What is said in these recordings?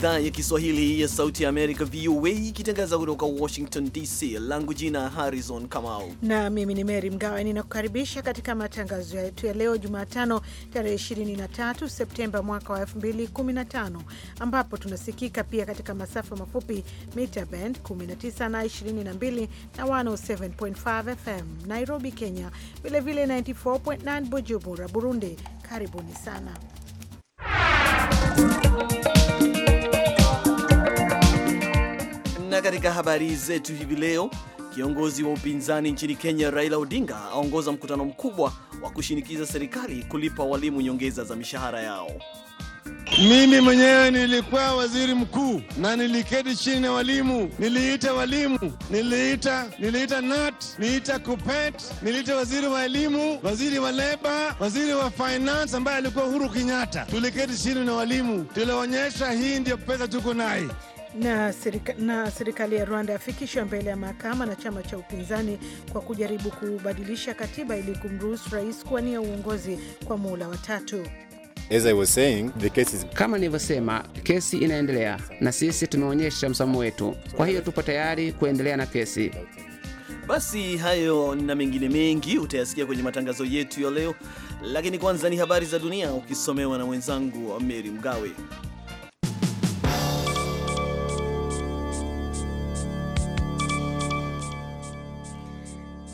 idhaa ya Kiswahili ya Sauti ya Amerika, VOA, ikitangaza kutoka Washington DC. Langu jina Harrison Kamau na mimi ni Mary Mgawe, ninakukaribisha katika matangazo yetu ya leo Jumatano, tarehe 23 Septemba mwaka wa 2015, ambapo tunasikika pia katika masafa mafupi mita band 19 na 22 na 107.5 FM Nairobi, Kenya, vilevile 94.9 Bujumbura, Burundi. Karibuni sana Na katika habari zetu hivi leo, kiongozi wa upinzani nchini Kenya Raila Odinga aongoza mkutano mkubwa wa kushinikiza serikali kulipa walimu nyongeza za mishahara yao. Mimi mwenyewe nilikuwa waziri mkuu na niliketi chini na walimu, niliita walimu, niliita niliita NAT, niliita KUPET, niliita waziri wa elimu, waziri wa leba, waziri wa finance ambaye alikuwa Uhuru Kenyatta. Tuliketi chini na walimu, tulionyesha hii ndio pesa tuko naye na, sirika, na serikali ya Rwanda yafikishwa mbele ya mahakama na chama cha upinzani kwa kujaribu kubadilisha katiba ili kumruhusu rais kuwania uongozi kwa muhula wa tatu. As I was saying, the case is... kama nilivyosema, kesi inaendelea na sisi tumeonyesha msimamo wetu, kwa hiyo tupo tayari kuendelea na kesi. Basi hayo na mengine mengi utayasikia kwenye matangazo yetu ya leo, lakini kwanza ni habari za dunia ukisomewa na mwenzangu Meri Mgawe.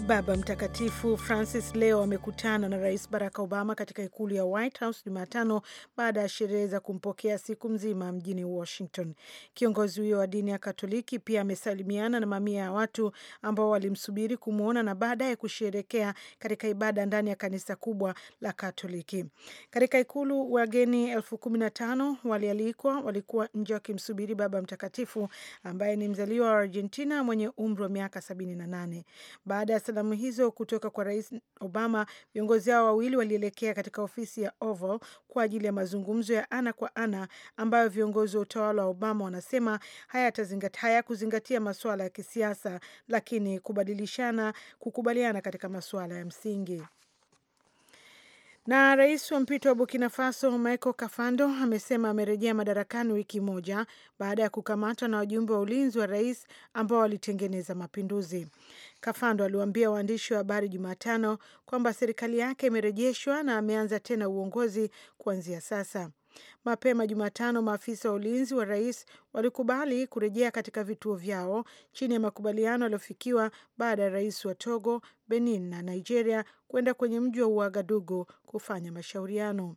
Baba Mtakatifu Francis leo amekutana na Rais Barack Obama katika ikulu ya White House Jumatano baada ya sherehe za kumpokea siku mzima mjini Washington. Kiongozi huyo wa dini ya Katoliki pia amesalimiana na mamia ya watu ambao walimsubiri kumwona na baadaye kusherekea katika ibada ndani ya kanisa kubwa la Katoliki. Katika ikulu, wageni elfu kumi na tano walialikwa, walikuwa nje wakimsubiri Baba Mtakatifu ambaye ni mzaliwa wa Argentina mwenye umri wa miaka 78 baada ya salamu hizo kutoka kwa Rais Obama, viongozi hao wawili walielekea katika ofisi ya Oval kwa ajili ya mazungumzo ya ana kwa ana ambayo viongozi wa utawala wa Obama wanasema hayakuzingatia haya masuala ya kisiasa, lakini kubadilishana kukubaliana katika masuala ya msingi. Na rais wa mpito wa Burkina Faso Michael Kafando amesema amerejea madarakani wiki moja baada ya kukamatwa na wajumbe wa ulinzi wa rais ambao walitengeneza mapinduzi. Kafando aliwaambia waandishi wa habari Jumatano kwamba serikali yake imerejeshwa na ameanza tena uongozi kuanzia sasa. Mapema Jumatano, maafisa wa ulinzi wa rais walikubali kurejea katika vituo vyao chini ya makubaliano yaliyofikiwa baada ya rais wa Togo, Benin na Nigeria kwenda kwenye mji wa Uagadugu kufanya mashauriano.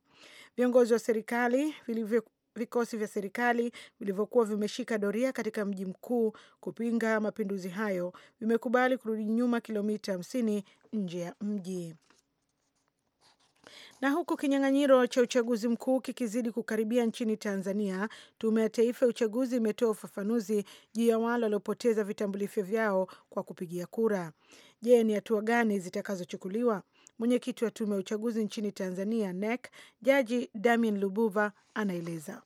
Viongozi wa serikali vilivyo vikosi vya serikali vilivyokuwa vimeshika doria katika mji mkuu kupinga mapinduzi hayo vimekubali kurudi nyuma kilomita 50 nje ya mji. Na huku kinyang'anyiro cha uchaguzi mkuu kikizidi kukaribia nchini Tanzania, Tume ya Taifa ya Uchaguzi imetoa ufafanuzi juu ya wale waliopoteza vitambulisho vyao kwa kupigia kura. Je, ni hatua gani zitakazochukuliwa? Mwenyekiti wa Tume ya Uchaguzi nchini Tanzania, NEC, Jaji Damian Lubuva, anaeleza.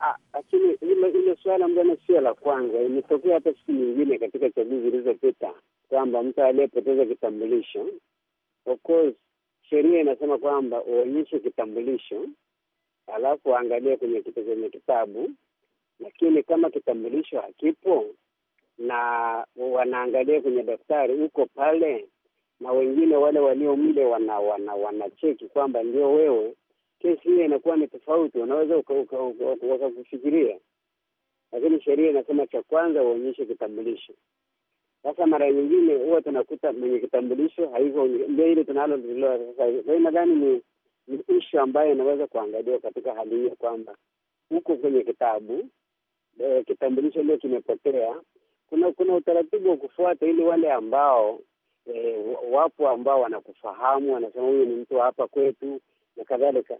Ah, lakini hilo suala mbona sio la kwanza, imetokea hata siku nyingine katika chaguzi zilizopita kwamba mtu aliyepoteza kitambulisho of course sheria inasema kwamba uonyeshe kitambulisho alafu waangalie kwenye kwenye kitabu, lakini kama kitambulisho hakipo na wanaangalia kwenye daftari uko pale, na wengine wale walio mle wana wana wanacheki kwamba ndio wewe, kesi hiyo inakuwa ni tofauti, unaweza wakakufikiria, lakini sheria inasema cha kwanza uonyeshe kitambulisho. Sasa mara nyingine huwa tunakuta mwenye kitambulisho haiko, ndio ile tunaloliliwa sasa. Kwa hiyo nadhani ni ni ishu ambayo inaweza kuangaliwa katika hali hiyo, kwamba huko kwenye kitabu eh, kitambulisho ndio kimepotea. Kuna kuna utaratibu wa kufuata ili wale ambao eh, wapo ambao wanakufahamu wanasema huyu ni mtu hapa kwetu na kadhalika.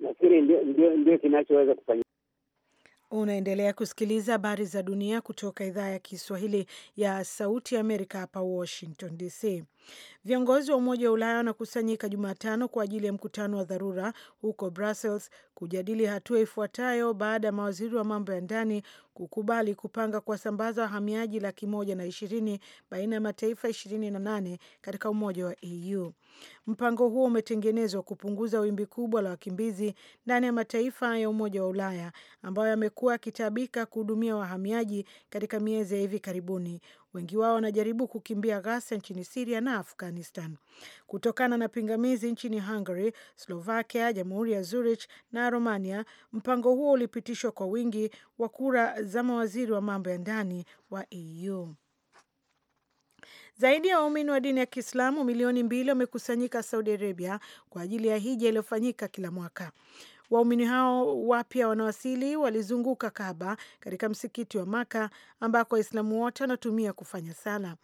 Nafikiri ndio ndio kinachoweza kufanya Unaendelea kusikiliza habari za dunia kutoka idhaa ya Kiswahili ya Sauti ya Amerika hapa Washington DC. Viongozi wa Umoja wa Ulaya wanakusanyika Jumatano kwa ajili ya mkutano wa dharura huko Brussels kujadili hatua ifuatayo baada ya mawaziri wa mambo ya ndani kukubali kupanga kuwasambaza wahamiaji laki moja na ishirini baina ya mataifa ishirini na nane katika umoja wa EU. Mpango huo umetengenezwa kupunguza wimbi kubwa la wakimbizi ndani ya mataifa ya Umoja wa Ulaya ambayo yamekuwa yakitabika kuhudumia wahamiaji katika miezi ya hivi karibuni, Wengi wao wanajaribu kukimbia ghasia nchini Siria na Afghanistan kutokana na pingamizi nchini Hungary, Slovakia, jamhuri ya Zurich na Romania. Mpango huo ulipitishwa kwa wingi wa kura za mawaziri wa mambo ya ndani wa EU. Zaidi ya waumini wa dini ya Kiislamu milioni mbili wamekusanyika Saudi Arabia kwa ajili ya hija iliyofanyika kila mwaka. Waumini hao wapya wanawasili walizunguka kaba katika msikiti wa Maka ambako Waislamu wote wanatumia kufanya sala.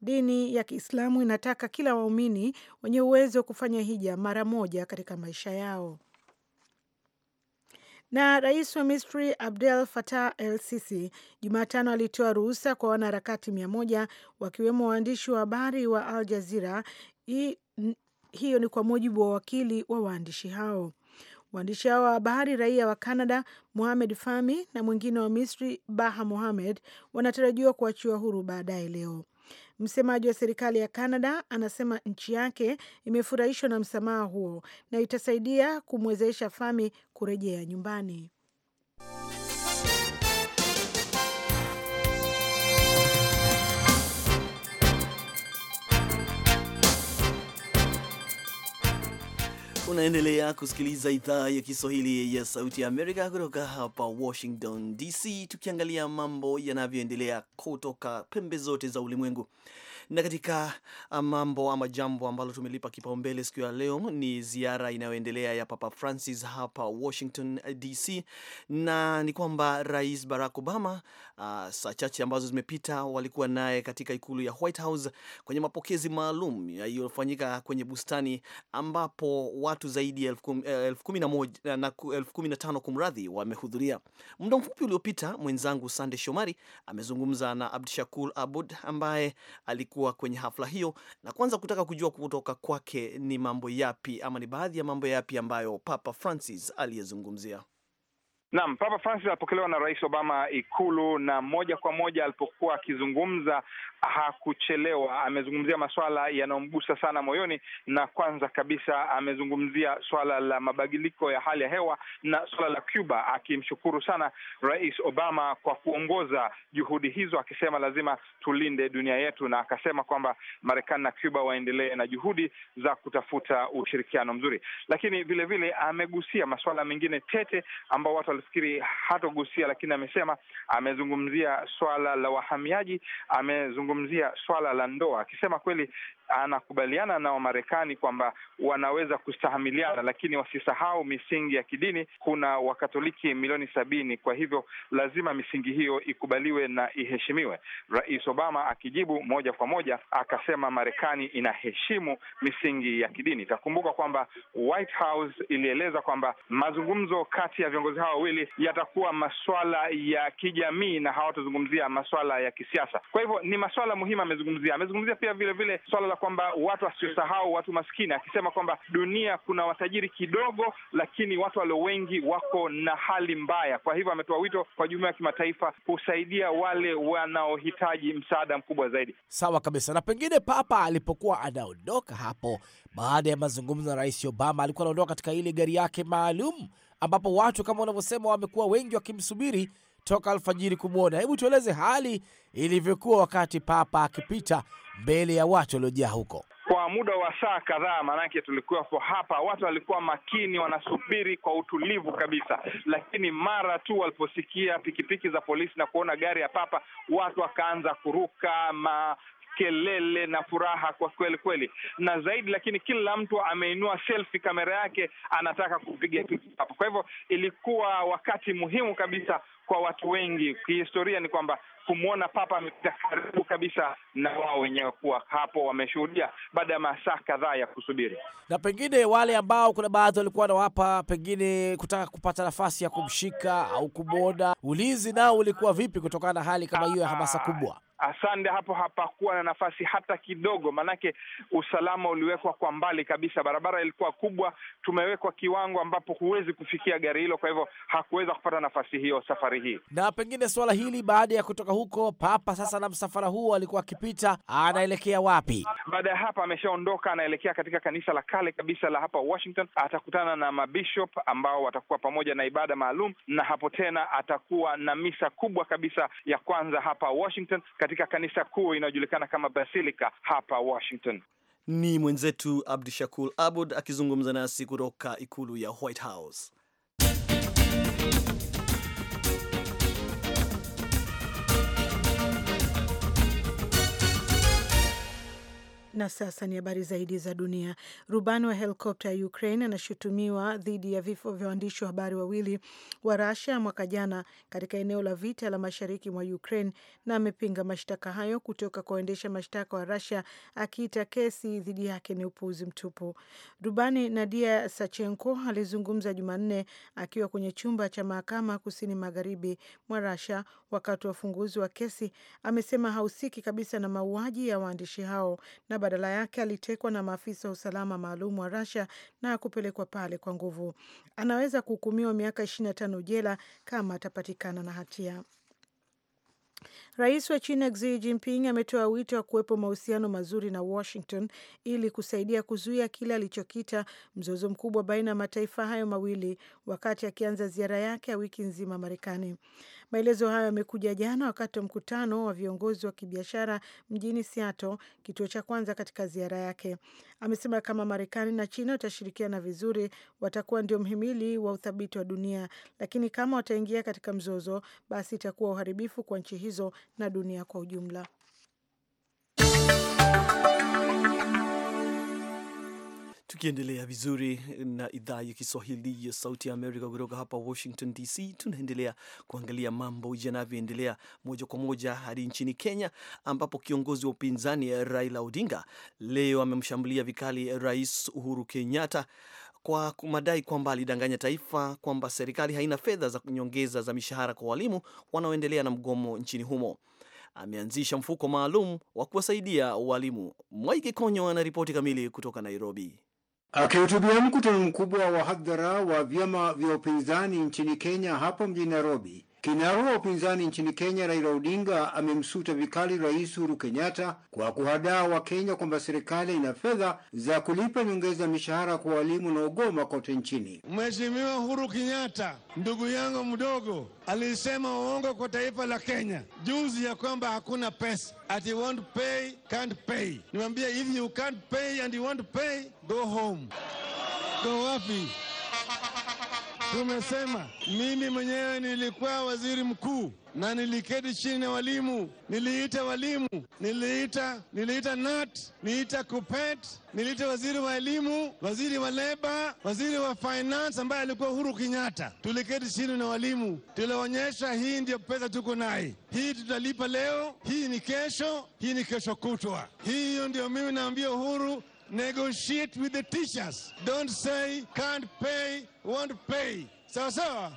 Dini ya Kiislamu inataka kila waumini wenye uwezo wa kufanya hija mara moja katika maisha yao. Na rais wa Misri Abdel Fattah El Sisi Jumatano alitoa ruhusa kwa wanaharakati mia moja wakiwemo waandishi wa habari wa Al Jazira. Hiyo ni kwa mujibu wa wakili wa waandishi hao. Waandishi hao wa habari raia wa Canada muhamed fami na mwingine wa Misri Baha muhamed wanatarajiwa kuachiwa huru baadaye leo. Msemaji wa serikali ya Canada anasema nchi yake imefurahishwa na msamaha huo na itasaidia kumwezesha fami kurejea nyumbani. Unaendelea kusikiliza idhaa ya Kiswahili ya Sauti ya Amerika kutoka hapa Washington DC, tukiangalia mambo yanavyoendelea kutoka pembe zote za ulimwengu. Na katika ah, mambo ama jambo ambalo tumelipa kipaumbele siku ya leo ni ziara inayoendelea ya Papa Francis hapa Washington eh, DC, na ni kwamba Rais Barack Obama uh, saa chache ambazo zimepita walikuwa naye katika ikulu ya White House kwenye mapokezi maalum yaliyofanyika kwenye bustani ambapo watu zaidi ya elfu eh, kumi na moja eh, na elfu kumi na tano kumradhi wamehudhuria. Muda mfupi uliopita mwenzangu Sande Shomari amezungumza na Abdishakur Abud ambaye alikuwa alikuwa kwenye hafla hiyo, na kwanza kutaka kujua kutoka kwake ni mambo yapi ama ni baadhi ya mambo yapi ambayo Papa Francis aliyezungumzia. Naam, Papa Francis alipokelewa na Rais Obama Ikulu, na moja kwa moja alipokuwa akizungumza hakuchelewa. Amezungumzia masuala yanayomgusa sana moyoni, na kwanza kabisa amezungumzia swala la mabadiliko ya hali ya hewa na swala la Cuba, akimshukuru sana Rais Obama kwa kuongoza juhudi hizo, akisema lazima tulinde dunia yetu, na akasema kwamba Marekani na Cuba waendelee na juhudi za kutafuta ushirikiano mzuri, lakini vilevile vile, amegusia masuala mengine tete ambao watu nafikiri hatogusia, lakini amesema, amezungumzia swala la wahamiaji, amezungumzia swala la ndoa, akisema kweli anakubaliana na Wamarekani kwamba wanaweza kustahamiliana, lakini wasisahau misingi ya kidini. Kuna Wakatoliki milioni sabini, kwa hivyo lazima misingi hiyo ikubaliwe na iheshimiwe. Rais Obama akijibu moja kwa moja akasema Marekani inaheshimu misingi ya kidini. Itakumbuka kwamba White House ilieleza kwamba mazungumzo kati ya viongozi hao wawili hili yatakuwa maswala ya kijamii na hawatazungumzia maswala ya kisiasa. Kwa hivyo ni maswala muhimu amezungumzia. Amezungumzia pia vile vile swala la kwamba watu wasiosahau watu maskini, akisema kwamba dunia kuna watajiri kidogo, lakini watu walio wengi wako na hali mbaya. Kwa hivyo ametoa wito kwa jumuiya ya kimataifa kusaidia wale wanaohitaji msaada mkubwa zaidi. Sawa kabisa. Na pengine Papa alipokuwa anaondoka hapo, baada ya mazungumzo na Rais Obama, alikuwa anaondoka katika ile gari yake maalum ambapo watu kama unavyosema wamekuwa wengi wakimsubiri toka alfajiri kumwona. Hebu tueleze hali ilivyokuwa wakati Papa akipita mbele ya watu waliojaa huko kwa muda wa saa kadhaa, maanake tulikuwepo hapa. Watu walikuwa makini, wanasubiri kwa utulivu kabisa, lakini mara tu waliposikia pikipiki za polisi na kuona gari ya Papa, watu wakaanza kuruka ma, kelele na furaha kwa kweli kweli, na zaidi, lakini kila mtu ameinua selfie kamera yake anataka kupiga picha hapo. Kwa hivyo ilikuwa wakati muhimu kabisa kwa watu wengi. Kihistoria ni kwamba kumwona Papa amepita karibu kabisa na wao wenyewe kuwa hapo, wameshuhudia baada ya masaa kadhaa ya kusubiri, na pengine wale ambao kuna baadhi walikuwa wanawapa pengine kutaka kupata nafasi ya kumshika au kumwona. Ulinzi nao ulikuwa vipi kutokana na hali kama hiyo ya hamasa kubwa? Asande hapo hapakuwa na nafasi hata kidogo, maanake usalama uliwekwa kwa mbali kabisa. Barabara ilikuwa kubwa, tumewekwa kiwango ambapo huwezi kufikia gari hilo, kwa hivyo hakuweza kupata nafasi hiyo safari hii. Na pengine suala hili baada ya kutoka huko Papa sasa, na msafara huu alikuwa akipita, anaelekea wapi baada ya hapa? Ameshaondoka, anaelekea katika kanisa la kale kabisa la hapa Washington. Atakutana na mabishop ambao watakuwa pamoja na ibada maalum, na hapo tena atakuwa na misa kubwa kabisa ya kwanza hapa Washington katika katika kanisa kuu inayojulikana kama Basilica hapa Washington. Ni mwenzetu Abdishakur Abud akizungumza nasi kutoka ikulu ya White House. Na sasa ni habari zaidi za dunia. Rubani wa helikopta ya Ukraine anashutumiwa dhidi ya vifo vya waandishi wa habari wawili wa rasia mwaka jana katika eneo la vita la mashariki mwa Ukraine na amepinga mashtaka hayo kutoka kwa waendesha mashtaka wa Russia akiita kesi dhidi yake ni upuuzi mtupu. Rubani Nadia Sachenko alizungumza Jumanne akiwa kwenye chumba cha mahakama kusini magharibi mwa rasia wakati wa ufunguzi wa kesi. Amesema hahusiki kabisa na mauaji ya waandishi hao na badala yake alitekwa na maafisa wa usalama maalum wa rasia na kupelekwa pale kwa nguvu. Anaweza kuhukumiwa miaka 25 jela kama atapatikana na hatia. Rais wa China Xi Jinping ametoa wito wa kuwepo mahusiano mazuri na Washington ili kusaidia kuzuia kile alichokita mzozo mkubwa baina ya mataifa hayo mawili, wakati akianza ziara yake ya wiki nzima Marekani. Maelezo hayo yamekuja jana wakati wa mkutano wa viongozi wa kibiashara mjini Seattle, kituo cha kwanza katika ziara yake. Amesema kama Marekani na China watashirikiana vizuri, watakuwa ndio mhimili wa uthabiti wa dunia, lakini kama wataingia katika mzozo, basi itakuwa uharibifu kwa nchi hizo na dunia kwa ujumla. Tukiendelea vizuri na idhaa ya Kiswahili ya Sauti ya Amerika kutoka hapa Washington DC, tunaendelea kuangalia mambo yanavyoendelea moja kwa moja hadi nchini Kenya, ambapo kiongozi wa upinzani Raila Odinga leo amemshambulia vikali Rais Uhuru Kenyatta kwa madai kwamba alidanganya taifa kwamba serikali haina fedha za nyongeza za mishahara kwa walimu wanaoendelea na mgomo nchini humo. Ameanzisha mfuko maalum wa kuwasaidia walimu. Mwaiki Konyo anaripoti kamili kutoka Nairobi. Akihutubia mkutano mkubwa wa hadhara wa vyama vya upinzani nchini Kenya hapo mjini Nairobi, Kinara wa upinzani nchini Kenya Raila Odinga amemsuta vikali Rais Uhuru Kenyatta kwa kuhadaa wa kenya kwamba serikali ina fedha za kulipa nyongeza mishahara kwa walimu ugoma kote nchini. Mheshimiwa Uhuru Kenyatta, ndugu yangu mdogo, alisema uongo kwa taifa la Kenya juzi ya kwamba hakuna pesa, ati won't pay can't pay. Niwaambia, if you can't pay and you won't pay, go home. Go wapi? Tumesema mimi mwenyewe nilikuwa waziri mkuu na niliketi chini na walimu, niliita walimu, niliita niliita NAT, niliita KUPET, niliita waziri wa elimu, waziri wa leba, waziri wa finance ambaye alikuwa Uhuru Kenyatta. Tuliketi chini na walimu, tulionyesha hii ndio pesa tuko naye, hii tutalipa leo, hii ni kesho, hii ni kesho kutwa. Hiyo ndio mimi naambia Uhuru negotiate with the teachers. Don't say can't pay, won't pay. Sawa sawa.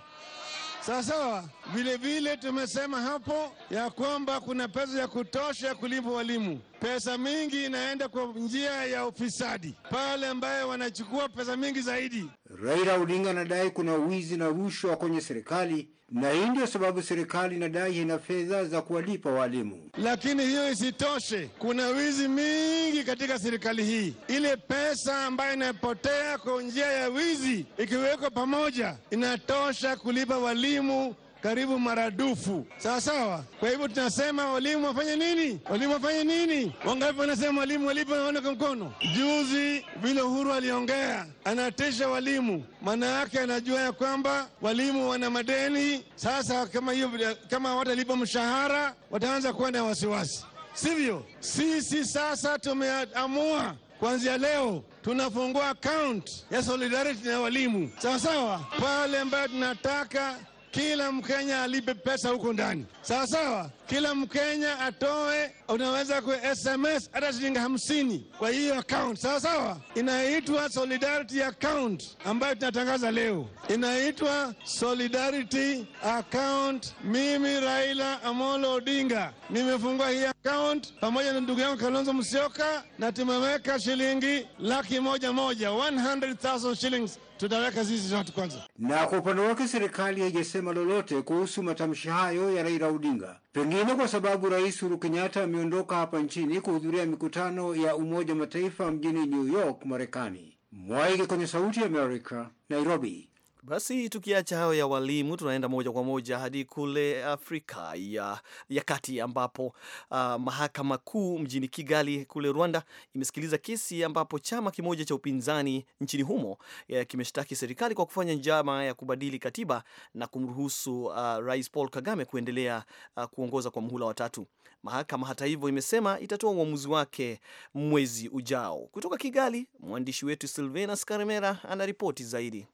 Sawa sawa. Vile vile tumesema hapo ya kwamba kuna pesa ya kutosha ya kulipa walimu. Pesa mingi inaenda kwa njia ya ufisadi, pale ambayo wanachukua pesa mingi zaidi. Raila Odinga anadai kuna wizi na rushwa kwenye serikali na hii ndio sababu serikali inadai ina fedha za kuwalipa walimu. Lakini hiyo isitoshe, kuna wizi mingi katika serikali hii. Ile pesa ambayo inapotea kwa njia ya wizi ikiwekwa pamoja, inatosha kulipa walimu karibu maradufu, sawa sawa. Kwa hivyo tunasema walimu wafanye nini? Walimu wafanye nini? Wangapi wanasema walimu walipo kwa mkono? Juzi vile Uhuru aliongea, anatisha walimu, maana yake anajua ya kwamba walimu wana madeni. Sasa kama hiyo, kama watalipa mshahara, wataanza kuwa na wasiwasi, sivyo? Sisi sasa tumeamua kuanzia leo tunafungua akaunti ya solidarity na walimu, sawa sawa, pale ambayo tunataka kila Mkenya alipe pesa huko ndani, sawa sawa. Kila Mkenya atoe, unaweza ku SMS hata shilingi hamsini kwa hiyo account, sawa sawa. Inaitwa solidarity account ambayo tunatangaza leo, inaitwa solidarity account. Mimi Raila Amolo Odinga nimefungua hii account pamoja na ndugu yangu Kalonzo Musyoka, na tumeweka shilingi laki moja moja, 100,000 shillings tutaweka sisi zote kwanza. Na kwa upande wake serikali haijasema lolote kuhusu matamshi hayo ya Raila Odinga, pengine kwa sababu Rais Uhuru Kenyatta ameondoka hapa nchini kuhudhuria mikutano ya Umoja Mataifa mjini New York, Marekani. Mwaige kwenye Sauti ya Amerika, Nairobi. Basi tukiacha hayo ya walimu, tunaenda moja kwa moja hadi kule Afrika ya, ya kati ambapo uh, mahakama kuu mjini Kigali kule Rwanda imesikiliza kesi ambapo chama kimoja cha upinzani nchini humo eh, kimeshtaki serikali kwa kufanya njama ya kubadili katiba na kumruhusu uh, Rais Paul Kagame kuendelea uh, kuongoza kwa muhula watatu. Mahakama hata hivyo imesema itatoa uamuzi wake mwezi ujao. Kutoka Kigali, mwandishi wetu Silvenas Karemera ana ripoti zaidi.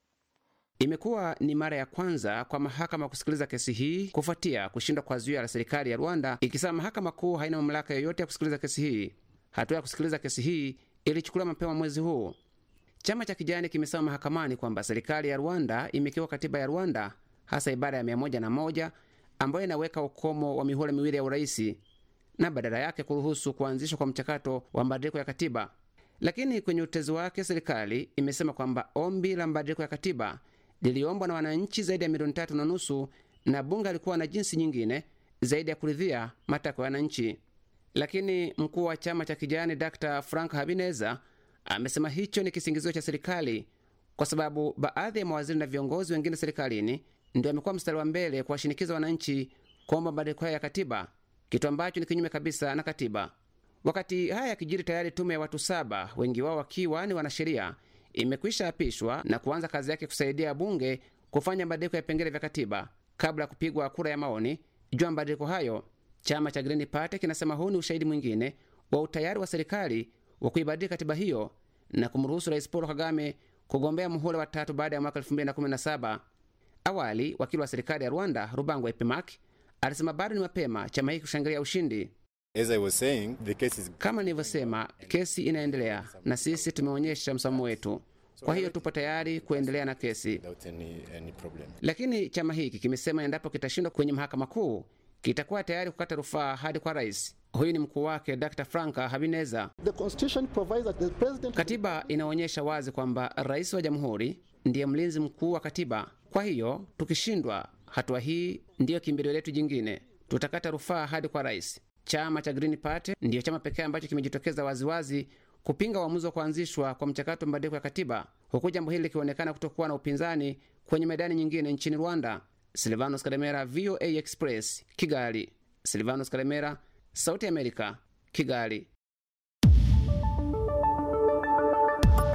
Imekuwa ni mara ya kwanza kwa mahakama kusikiliza kesi hii kufuatia kushindwa kwa zuio la serikali ya Rwanda ikisema mahakama kuu haina mamlaka yoyote ya kusikiliza kesi hii. Hatua ya kusikiliza kesi hii ilichukuliwa mapema mwezi huu. Chama cha Kijani kimesema mahakamani kwamba serikali ya Rwanda imekiuka katiba ya Rwanda, hasa ibara ya mia moja na moja ambayo inaweka ukomo wa mihula miwili ya urais na badala yake kuruhusu kuanzishwa kwa mchakato wa mabadiliko ya katiba. Lakini kwenye utezi wake serikali imesema kwamba ombi la mabadiliko ya katiba liliombwa na wananchi zaidi ya milioni tatu na nusu na bunge alikuwa na jinsi nyingine zaidi ya kuridhia matakwa ya wananchi, lakini mkuu wa chama cha kijani Dr. Frank Habineza amesema hicho ni kisingizio cha serikali kwa sababu baadhi ya mawaziri na viongozi wengine serikalini ndio amekuwa mstari wa mbele kuwashinikiza wananchi kuomba mabadiliko hayo ya katiba, kitu ambacho ni kinyume kabisa na katiba. Wakati haya yakijiri, tayari tume ya watu saba, wengi wao wakiwa ni wanasheria, imekwisha apishwa na kuanza kazi yake kusaidia bunge kufanya mabadiliko ya vipengele vya katiba kabla ya kupigwa kura ya maoni juu ya mabadiliko hayo. Chama cha Green Party kinasema huu ni ushahidi mwingine wa utayari wa serikali wa kuibadili katiba hiyo na kumruhusu Rais Paul Kagame kugombea muhula wa tatu baada ya mwaka 2017. Awali wakili wa serikali ya Rwanda Rubangwa Epimaki alisema bado ni mapema chama hiki kushangilia ushindi. As I was saying, the case is... Kama nilivyosema, kesi inaendelea na sisi tumeonyesha msimamo wetu, kwa hiyo tupo tayari kuendelea na kesi lakini chama hiki kimesema endapo kitashindwa kwenye mahakama kuu kitakuwa tayari kukata rufaa hadi kwa rais. Huyu ni mkuu wake Dr. Franka Habineza. Katiba inaonyesha wazi kwamba rais wa jamhuri ndiye mlinzi mkuu wa katiba. Kwa hiyo tukishindwa hatua hii, ndiyo kimbilio letu jingine, tutakata rufaa hadi kwa rais. Chama cha Green Party ndiyo chama pekee ambacho kimejitokeza waziwazi kupinga uamuzi wa kuanzishwa kwa mchakato mbadiliko ya katiba, huku jambo hili likionekana kutokuwa na upinzani kwenye medani nyingine nchini Rwanda. Silvanos Karemera, VOA Express, Kigali. Silvanos Karemera, Sauti ya Amerika, Kigali.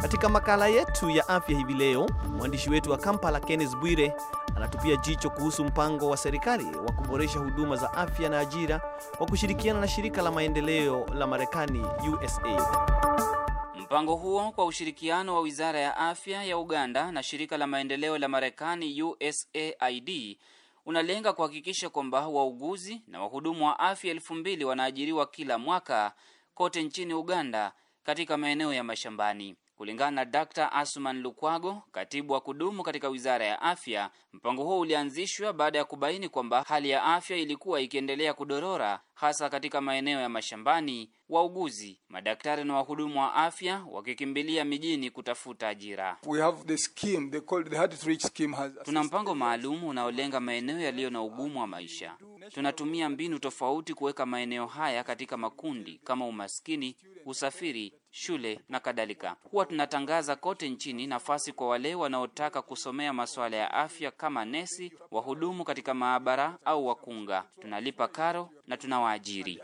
Katika makala yetu ya afya hivi leo, mwandishi wetu wa Kampala Kenneth Bwire anatupia jicho kuhusu mpango wa serikali wa kuboresha huduma za afya na ajira kwa kushirikiana na shirika la maendeleo la Marekani usa Mpango huo kwa ushirikiano wa Wizara ya Afya ya Uganda na shirika la maendeleo la Marekani USAID unalenga kuhakikisha kwamba wauguzi na wahudumu wa afya elfu mbili wanaajiriwa kila mwaka kote nchini Uganda katika maeneo ya mashambani. Kulingana na Dr. Asuman Lukwago, katibu wa kudumu katika Wizara ya Afya, mpango huo ulianzishwa baada ya kubaini kwamba hali ya afya ilikuwa ikiendelea kudorora hasa katika maeneo ya mashambani, wauguzi, madaktari na wahudumu wa afya wakikimbilia mijini kutafuta ajira. We have the scheme, they call the hard to reach scheme has... tuna mpango maalum unaolenga maeneo yaliyo na ugumu wa maisha. Tunatumia mbinu tofauti kuweka maeneo haya katika makundi kama umaskini, usafiri, shule na kadhalika. Huwa tunatangaza kote nchini nafasi kwa wale wanaotaka kusomea masuala ya afya kama nesi, wahudumu katika maabara au wakunga. Tunalipa karo na tunawaajiri.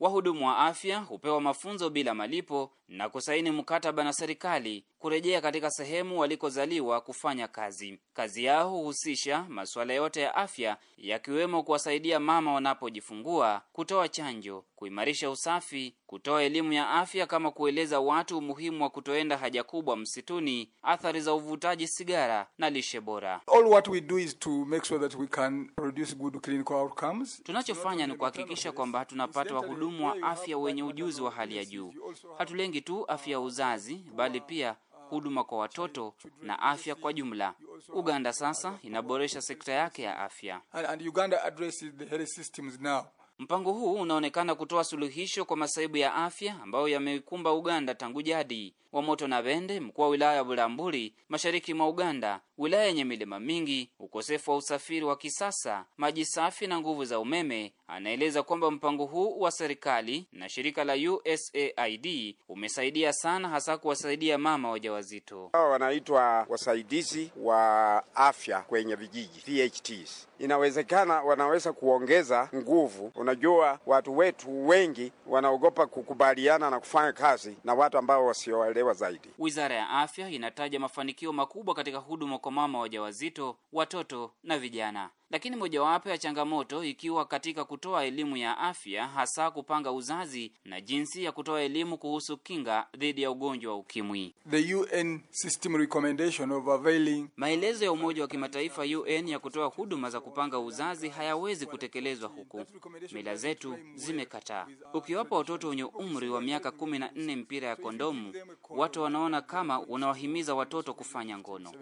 Wahudumu wa afya hupewa mafunzo bila malipo na kusaini mkataba na serikali kurejea katika sehemu walikozaliwa kufanya kazi. Kazi yao huhusisha masuala yote ya afya, yakiwemo kuwasaidia mama wanapojifungua, kutoa chanjo kuimarisha usafi, kutoa elimu ya afya kama kueleza watu umuhimu wa kutoenda haja kubwa msituni, athari za uvutaji sigara na lishe bora. All what we do is to make sure that we can produce good clinical outcomes. Tunachofanya ni kuhakikisha kwamba tunapata wahudumu wa afya wenye ujuzi wa hali ya juu. Hatulengi tu afya ya uzazi, bali pia huduma kwa watoto na afya kwa jumla. Uganda sasa inaboresha sekta yake ya afya. And Uganda addresses the health systems now. Mpango huu unaonekana kutoa suluhisho kwa masaibu ya afya ambayo yameikumba Uganda tangu jadi. wa moto na Bende, mkuu wa wilaya ya Bulambuli, mashariki mwa Uganda, wilaya yenye milima mingi, ukosefu wa usafiri wa kisasa, maji safi na nguvu za umeme, anaeleza kwamba mpango huu wa serikali na shirika la USAID umesaidia sana, hasa kuwasaidia mama wajawazito. Hawa wanaitwa wasaidizi wa afya kwenye vijiji VHTs inawezekana wanaweza kuongeza nguvu. Unajua, watu wetu wengi wanaogopa kukubaliana na kufanya kazi na watu ambao wasioelewa zaidi. Wizara ya Afya inataja mafanikio makubwa katika huduma kwa mama wajawazito, watoto na vijana. Lakini mojawapo ya changamoto ikiwa katika kutoa elimu ya afya, hasa kupanga uzazi na jinsi ya kutoa elimu kuhusu kinga dhidi ya ugonjwa wa ukimwi. The UN system recommendation of availing... maelezo ya Umoja wa Kimataifa UN ya kutoa huduma za kupanga uzazi hayawezi kutekelezwa huku mila zetu zimekataa. Ukiwapa watoto wenye umri wa miaka kumi na nne mpira ya kondomu, watu wanaona kama unawahimiza watoto kufanya ngono.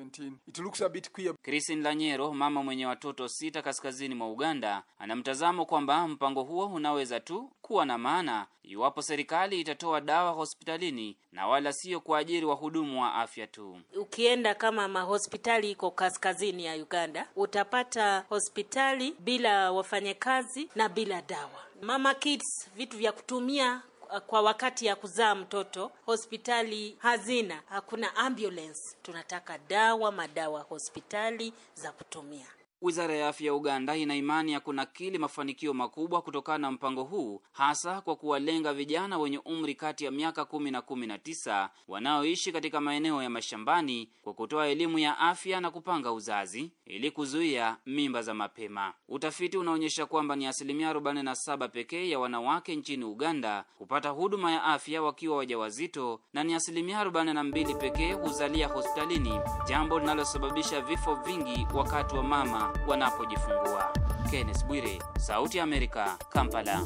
Christine Lanyero, mama mwenye watoto sita kaskazini mwa Uganda, ana mtazamo kwamba mpango huo unaweza tu kuwa na maana iwapo serikali itatoa dawa hospitalini na wala sio kuajiri wahudumu wa afya tu. Ukienda kama mahospitali iko kaskazini ya Uganda, utapata hospitali bila wafanyakazi na bila dawa, mama kids, vitu vya kutumia kwa wakati ya kuzaa mtoto hospitali hazina, hakuna ambulance. Tunataka dawa, madawa hospitali za kutumia. Wizara ya afya ya Uganda ina imani ya kunakili mafanikio makubwa kutokana na mpango huu, hasa kwa kuwalenga vijana wenye umri kati ya miaka kumi na kumi na tisa wanaoishi katika maeneo ya mashambani kwa kutoa elimu ya afya na kupanga uzazi ili kuzuia mimba za mapema. Utafiti unaonyesha kwamba ni asilimia 47 pekee ya wanawake nchini Uganda hupata huduma ya afya wakiwa wajawazito na ni asilimia 42 pekee huzalia hospitalini, jambo linalosababisha vifo vingi wakati wa mama wanapojifungua. Kenneth Bwire, Sauti ya Amerika, Kampala.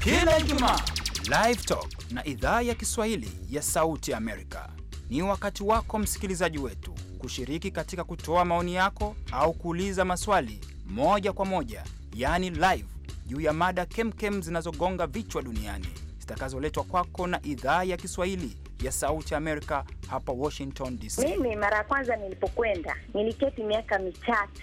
kila Ijumaa. Live na idhaa ya Kiswahili ya Sauti Amerika. Ni wakati wako msikilizaji wetu kushiriki katika kutoa maoni yako au kuuliza maswali moja kwa moja, yani live, juu ya mada kemkem zinazogonga vichwa duniani zitakazoletwa kwako na idhaa ya Kiswahili ya Sauti Amerika hapa Washington DC. Mimi mara ya kwanza nilipokwenda niliketi miaka mitatu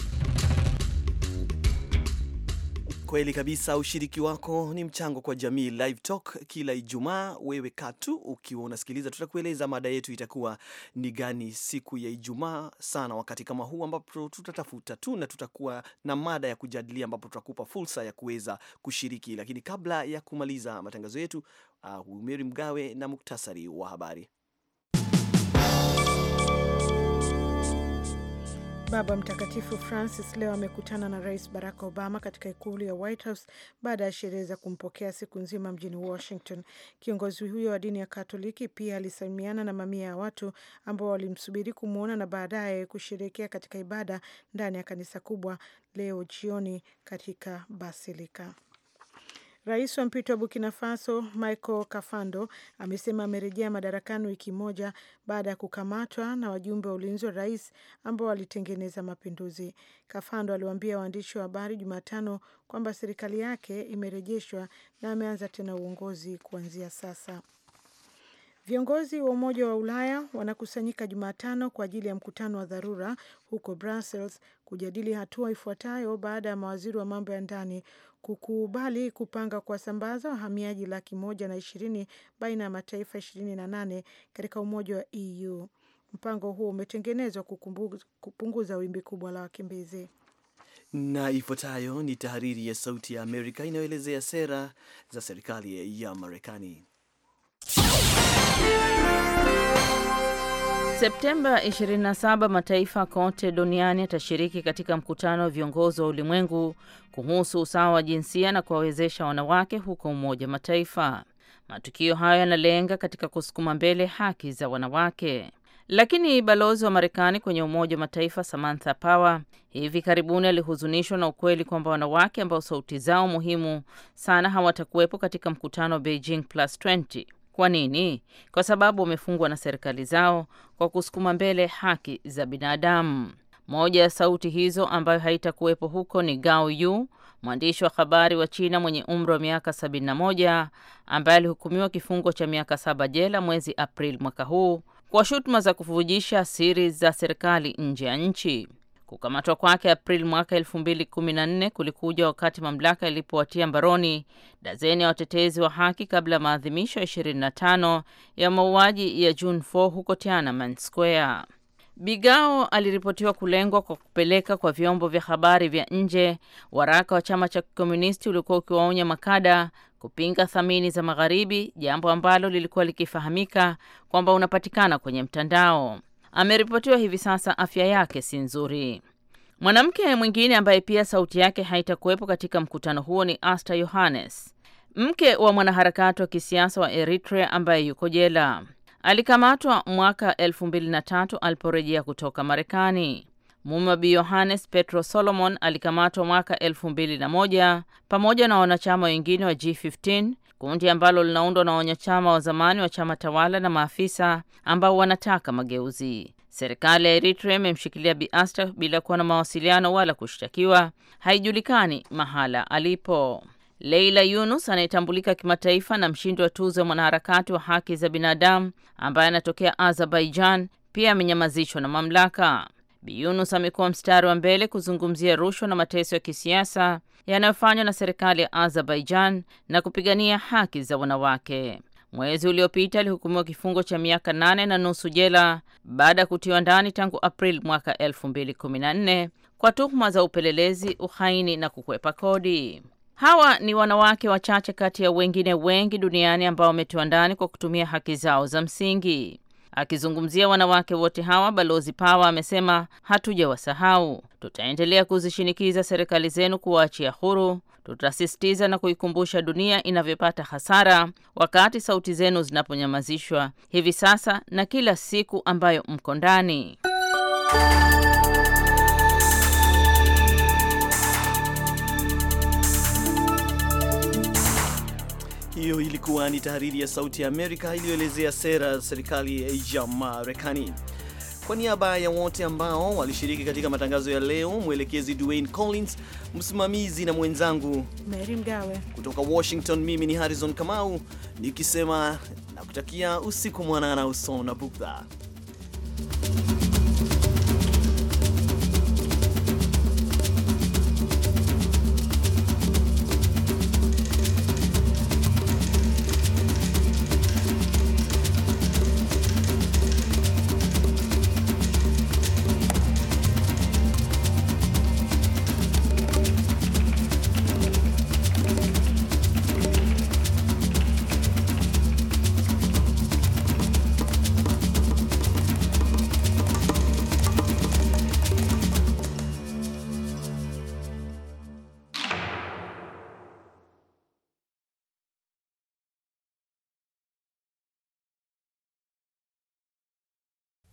kweli kabisa, ushiriki wako ni mchango kwa jamii. Live Talk kila Ijumaa, wewe katu ukiwa unasikiliza, tutakueleza mada yetu itakuwa ni gani siku ya Ijumaa, sana wakati kama huu ambapo tutatafuta tu na tutakuwa na mada ya kujadilia, ambapo tutakupa fursa ya kuweza kushiriki. Lakini kabla ya kumaliza matangazo yetu, uh, ah, Umeri Mgawe na muktasari wa habari. Baba Mtakatifu Francis leo amekutana na Rais Barack Obama katika ikulu ya White House baada ya sherehe za kumpokea siku nzima mjini Washington. Kiongozi huyo wa dini ya Katoliki pia alisalimiana na mamia ya watu ambao walimsubiri kumwona na baadaye kusherekea katika ibada ndani ya kanisa kubwa leo jioni katika Basilika. Rais wa mpito wa Burkina Faso Michael Kafando amesema amerejea madarakani wiki moja baada ya kukamatwa na wajumbe wa ulinzi wa rais ambao walitengeneza mapinduzi. Kafando aliwaambia waandishi wa habari Jumatano kwamba serikali yake imerejeshwa na ameanza tena uongozi kuanzia sasa. Viongozi wa Umoja wa Ulaya wanakusanyika Jumatano kwa ajili ya mkutano wa dharura huko Brussels kujadili hatua ifuatayo baada ya mawaziri wa mambo ya ndani kukubali kupanga kuwasambaza wahamiaji laki moja na ishirini baina ya mataifa ishirini na nane katika Umoja wa EU. Mpango huo umetengenezwa kupunguza wimbi kubwa la wakimbizi. Na ifuatayo ni tahariri ya Sauti ya Amerika inayoelezea sera za serikali ya Marekani. Septemba 27 mataifa kote duniani yatashiriki katika mkutano wa viongozi wa ulimwengu kuhusu usawa wa jinsia na kuwawezesha wanawake huko Umoja wa Mataifa. Matukio hayo yanalenga katika kusukuma mbele haki za wanawake. Lakini balozi wa Marekani kwenye Umoja wa Mataifa Samantha Power hivi karibuni alihuzunishwa na ukweli kwamba wanawake ambao sauti zao muhimu sana hawatakuwepo katika mkutano wa Beijing Plus 20. Kwa nini? Kwa sababu wamefungwa na serikali zao kwa kusukuma mbele haki za binadamu. Moja ya sauti hizo ambayo haitakuwepo huko ni Gao Yu, mwandishi wa habari wa China mwenye umri wa miaka 71 ambaye alihukumiwa kifungo cha miaka saba jela mwezi Aprili mwaka huu kwa shutuma za kuvujisha siri za serikali nje ya nchi. Kukamatwa kwake Aprili mwaka 214 kulikuja wakati mamlaka ilipowatia mbaroni dazeni ya watetezi wa haki kabla ya maadhimisho ya 25 ya mauaji ya June 4 huko Tiananmen Square. Bigao aliripotiwa kulengwa kwa kupeleka kwa vyombo vya habari vya nje waraka wa chama cha Kikomunisti uliokuwa ukiwaonya makada kupinga thamini za Magharibi, jambo ambalo lilikuwa likifahamika kwamba unapatikana kwenye mtandao ameripotiwa hivi sasa afya yake si nzuri. Mwanamke mwingine ambaye pia sauti yake haitakuwepo katika mkutano huo ni Asta Yohannes, mke wa mwanaharakati wa kisiasa wa Eritrea ambaye yuko jela. Alikamatwa mwaka tatu aliporejea kutoka Marekani. Mume wa Bi Yohannes, Petro Solomon, alikamatwa mwaka moja pamoja na wanachama wengine wa G15 kundi ambalo linaundwa na wanachama wa zamani wa chama tawala na maafisa ambao wanataka mageuzi. Serikali ya Eritrea imemshikilia Bi Aster bila kuwa na mawasiliano wala kushtakiwa. Haijulikani mahala alipo. Leila Yunus anayetambulika kimataifa na mshindi wa tuzo ya mwanaharakati wa haki za binadamu ambaye anatokea Azerbaijan pia amenyamazishwa na mamlaka. Biyunus amekuwa mstari wa mbele kuzungumzia rushwa na mateso ya kisiasa yanayofanywa na serikali ya Azerbaijan na kupigania haki za wanawake. Mwezi uliopita alihukumiwa kifungo cha miaka nane na nusu jela baada ya kutiwa ndani tangu april mwaka 2014 kwa tuhuma za upelelezi, uhaini na kukwepa kodi. Hawa ni wanawake wachache kati ya wengine wengi duniani ambao wametiwa ndani kwa kutumia haki zao za msingi. Akizungumzia wanawake wote hawa, Balozi Pawa amesema hatujawasahau, tutaendelea kuzishinikiza serikali zenu kuwaachia huru. Tutasisitiza na kuikumbusha dunia inavyopata hasara wakati sauti zenu zinaponyamazishwa hivi sasa na kila siku ambayo mko ndani Hiyo ilikuwa ni tahariri ya Sauti ya Amerika iliyoelezea sera za serikali ya Marekani. Kwa niaba ya wote ambao walishiriki katika matangazo ya leo, mwelekezi Dwayne Collins, msimamizi na mwenzangu Mary Mgawe kutoka Washington, mimi ni Harrison Kamau nikisema na kutakia usiku mwanana usona budha.